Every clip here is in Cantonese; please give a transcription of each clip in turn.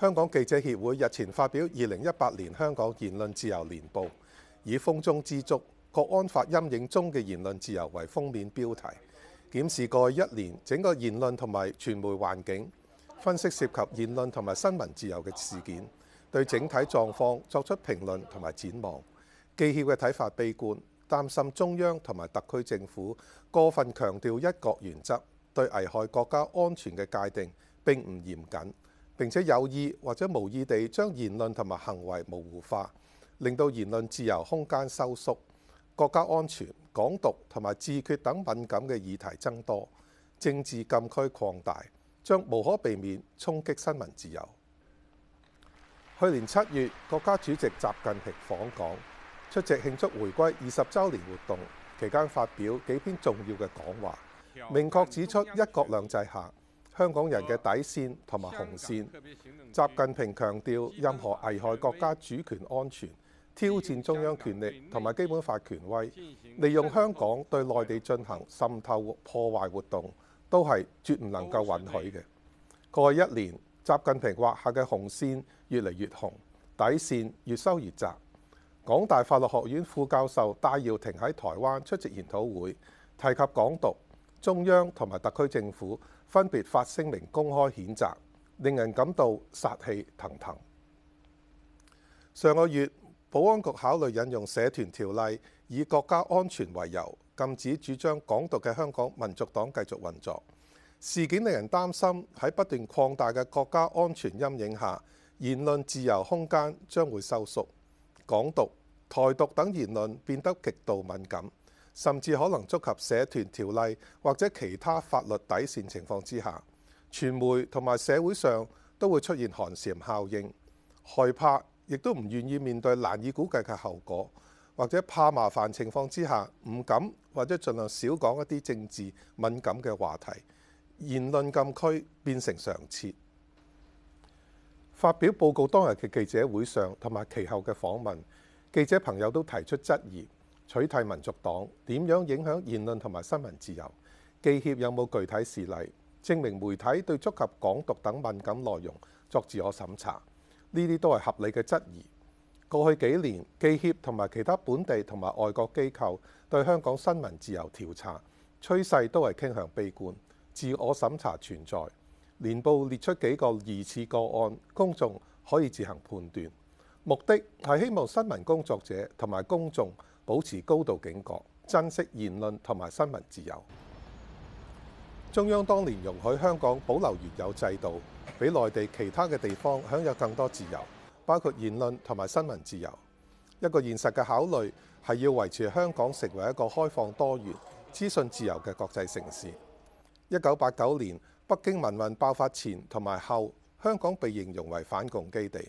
香港記者協會日前發表《二零一八年香港言論自由年報》，以「風中之燭」、《國安法陰影中嘅言論自由》為封面標題，檢視過去一年整個言論同埋傳媒環境，分析涉及言論同埋新聞自由嘅事件，對整體狀況作出評論同埋展望。記協嘅睇法悲觀，擔心中央同埋特區政府過分強調一國原則，對危害國家安全嘅界定並唔嚴謹。並且有意或者無意地將言論同埋行為模糊化，令到言論自由空間收縮，國家安全、港獨同埋自決等敏感嘅議題增多，政治禁區擴大，將無可避免衝擊新聞自由。去年七月，國家主席習近平訪港，出席慶祝回歸二十週年活動期間，發表幾篇重要嘅講話，明確指出一國兩制下。香港人嘅底線同埋紅線，習近平強調任何危害國家主權安全、挑戰中央權力同埋基本法權威、利用香港對內地進行滲透破壞活動，都係絕唔能夠允許嘅。過去一年，習近平畫下嘅紅線越嚟越紅，底線越收越窄。港大法律學院副教授戴耀廷喺台灣出席研討會，提及港獨。中央同埋特區政府分別發聲明公開譴責，令人感到殺氣騰騰。上個月，保安局考慮引用社團條例，以國家安全為由禁止主張港獨嘅香港民族黨繼續運作。事件令人擔心喺不斷擴大嘅國家安全陰影下，言論自由空間將會收縮。港獨、台獨等言論變得極度敏感。甚至可能觸及社團條例、或者其他法律底線，情況之下，傳媒同埋社會上都會出現寒蟬效應，害怕亦都唔願意面對難以估計嘅後果，或者怕麻煩，情況之下唔敢或者儘量少講一啲政治敏感嘅話題，言論禁區變成常設。發表報告當日嘅記者會上同埋其後嘅訪問，記者朋友都提出質疑。取締民族黨點樣影響言論同埋新聞自由？記協有冇具體事例證明媒體對觸及港獨等敏感內容作自我審查？呢啲都係合理嘅質疑。過去幾年，記協同埋其他本地同埋外國機構對香港新聞自由調查趨勢都係傾向悲觀，自我審查存在。年報列出幾個疑似個案，公眾可以自行判斷。目的係希望新聞工作者同埋公眾。保持高度警覺，珍惜言論同埋新聞自由。中央當年容許香港保留原有制度，比內地其他嘅地方享有更多自由，包括言論同埋新聞自由。一個現實嘅考慮係要維持香港成為一個開放多元、資訊自由嘅國際城市。一九八九年北京民運爆發前同埋後，香港被形容為反共基地，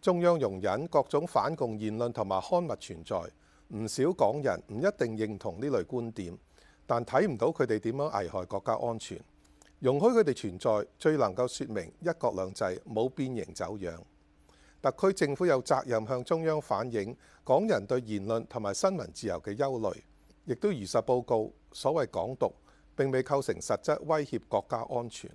中央容忍各種反共言論同埋刊物存在。唔少港人唔一定認同呢類觀點，但睇唔到佢哋點樣危害國家安全，容許佢哋存在最能夠說明一國兩制冇變形走樣。特區政府有責任向中央反映港人對言論同埋新聞自由嘅憂慮，亦都如實報告所謂港獨並未構成實質威脅國家安全。